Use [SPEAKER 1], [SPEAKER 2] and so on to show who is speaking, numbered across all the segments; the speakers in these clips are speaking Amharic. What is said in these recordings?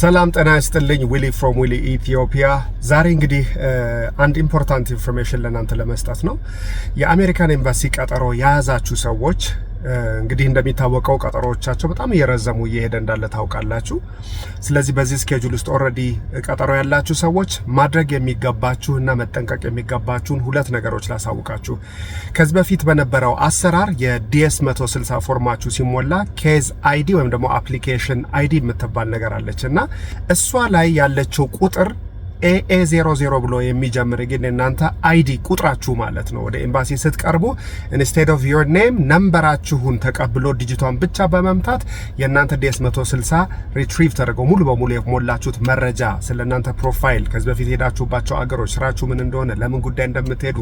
[SPEAKER 1] ሰላም ጤና ይስጥልኝ። ዊሊ ፍሮም ዊሊ ኢትዮጵያ። ዛሬ እንግዲህ አንድ ኢምፖርታንት ኢንፎርሜሽን ለእናንተ ለመስጠት ነው። የአሜሪካን ኤምባሲ ቀጠሮ የያዛችሁ ሰዎች እንግዲህ እንደሚታወቀው ቀጠሮዎቻቸው በጣም እየረዘሙ እየሄደ እንዳለ ታውቃላችሁ። ስለዚህ በዚህ ስኬጁል ውስጥ ኦልሬዲ ቀጠሮ ያላችሁ ሰዎች ማድረግ የሚገባችሁና መጠንቀቅ የሚገባችሁን ሁለት ነገሮች ላሳውቃችሁ። ከዚህ በፊት በነበረው አሰራር የዲኤስ 160 ፎርማችሁ ሲሞላ ኬዝ አይዲ ወይም ደግሞ አፕሊኬሽን አይዲ የምትባል ነገር አለች እና እሷ ላይ ያለችው ቁጥር ኤኤ ዜሮ ብሎ የሚጀምር ግን እናንተ አይዲ ቁጥራችሁ ማለት ነው። ወደ ኤምባሲ ስትቀርቡ ኢንስቴድ ኦፍ ዮር ኔም ነምበራችሁን ተቀብሎ ዲጂቷን ብቻ በመምታት የእናንተ ዴስ 160 ሪትሪቭ ተደርገው ሙሉ በሙሉ የሞላችሁት መረጃ ስለ እናንተ ፕሮፋይል፣ ከዚህ በፊት ሄዳችሁባቸው አገሮች፣ ስራችሁ ምን እንደሆነ፣ ለምን ጉዳይ እንደምትሄዱ፣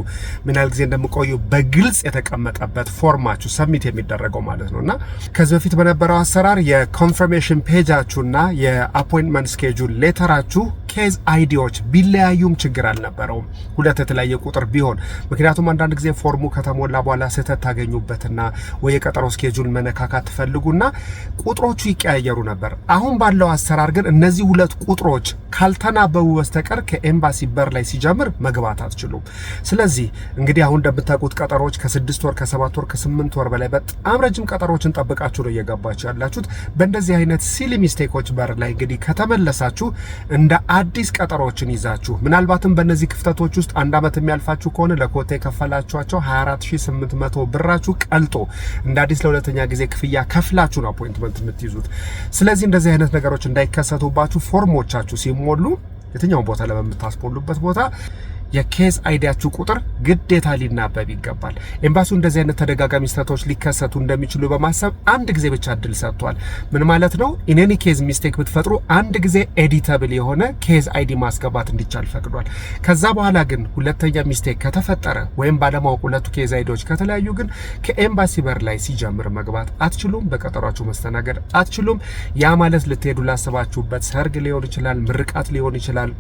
[SPEAKER 1] ምን ያህል ጊዜ እንደምቆዩ በግልጽ የተቀመጠበት ፎርማችሁ ሰሚት የሚደረገው ማለት ነው እና ከዚህ በፊት በነበረው አሰራር የኮንፈርሜሽን ፔጃችሁና የአፖይንትመንት ስኬጁል ሌተራችሁ ኬዝ አይዲዎች ቢለያዩም ችግር አልነበረውም። ሁለት የተለያየ ቁጥር ቢሆን ምክንያቱም አንዳንድ ጊዜ ፎርሙ ከተሞላ በኋላ ስህተት ታገኙበትና ወይ የቀጠሮ ስኬጁል መነካካት ትፈልጉና ቁጥሮቹ ይቀያየሩ ነበር። አሁን ባለው አሰራር ግን እነዚህ ሁለት ቁጥሮች ካልተናበቡ በስተቀር ከኤምባሲ በር ላይ ሲጀምር መግባት አትችሉም። ስለዚህ እንግዲህ አሁን እንደምታውቁት ቀጠሮች ከስድስት ወር ከሰባት ወር ከስምንት ወር በላይ በጣም ረጅም ቀጠሮችን ጠብቃችሁ ነው እየገባችሁ ያላችሁት። በእንደዚህ አይነት ሲሊ ሚስቴኮች በር ላይ እንግዲህ ከተመለሳችሁ እንደ አዲስ ቀጠሮዎችን ይዛችሁ ምናልባትም በእነዚህ ክፍተቶች ውስጥ አንድ ዓመት የሚያልፋችሁ ከሆነ ለኮታ የከፈላችኋቸው 24800 ብራችሁ ቀልጦ እንደ አዲስ ለሁለተኛ ጊዜ ክፍያ ከፍላችሁ ነው አፖይንትመንት የምትይዙት። ስለዚህ እንደዚህ አይነት ነገሮች እንዳይከሰቱባችሁ ፎርሞቻችሁ ሲሞሉ የትኛውን ቦታ ለምታስሞሉበት ቦታ የኬዝ አይዲያችሁ ቁጥር ግዴታ ሊናበብ ይገባል። ኤምባሲው እንደዚህ አይነት ተደጋጋሚ ስህተቶች ሊከሰቱ እንደሚችሉ በማሰብ አንድ ጊዜ ብቻ እድል ሰጥቷል። ምን ማለት ነው? ኢነኒ ኬዝ ሚስቴክ ብትፈጥሩ አንድ ጊዜ ኤዲተብል የሆነ ኬዝ አይዲ ማስገባት እንዲቻል ፈቅዷል። ከዛ በኋላ ግን ሁለተኛ ሚስቴክ ከተፈጠረ ወይም ባለማወቅ ሁለቱ ኬዝ አይዲዎች ከተለያዩ ግን ከኤምባሲ በር ላይ ሲጀምር መግባት አትችሉም። በቀጠሯችሁ መስተናገድ አትችሉም። ያ ማለት ልትሄዱ ላሰባችሁበት ሰርግ ሊሆን ይችላል፣ ምርቃት ሊሆን ይችላል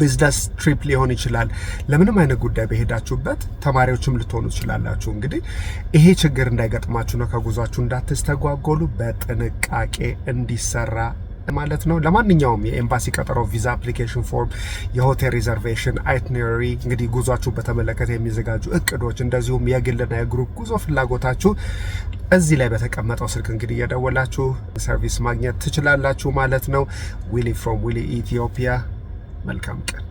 [SPEAKER 1] ቢዝነስ ትሪፕ ሊሆን ይችላል። ለምንም አይነት ጉዳይ በሄዳችሁበት ተማሪዎችም ልትሆኑ ትችላላችሁ። እንግዲህ ይሄ ችግር እንዳይገጥማችሁ ነው። ከጉዟችሁ እንዳትስተጓጎሉ በጥንቃቄ እንዲሰራ ማለት ነው። ለማንኛውም የኤምባሲ ቀጠሮ፣ ቪዛ አፕሊኬሽን ፎርም፣ የሆቴል ሪዘርቬሽን አይትነሪ፣ እንግዲህ ጉዟችሁ በተመለከተ የሚዘጋጁ እቅዶች፣ እንደዚሁም የግልና የግሩፕ ጉዞ ፍላጎታችሁ እዚህ ላይ በተቀመጠው ስልክ እንግዲህ እየደወላችሁ ሰርቪስ ማግኘት ትችላላችሁ ማለት ነው። ዊሊ ፍሮም ዊሊ ኢትዮጵያ መልካም ቀን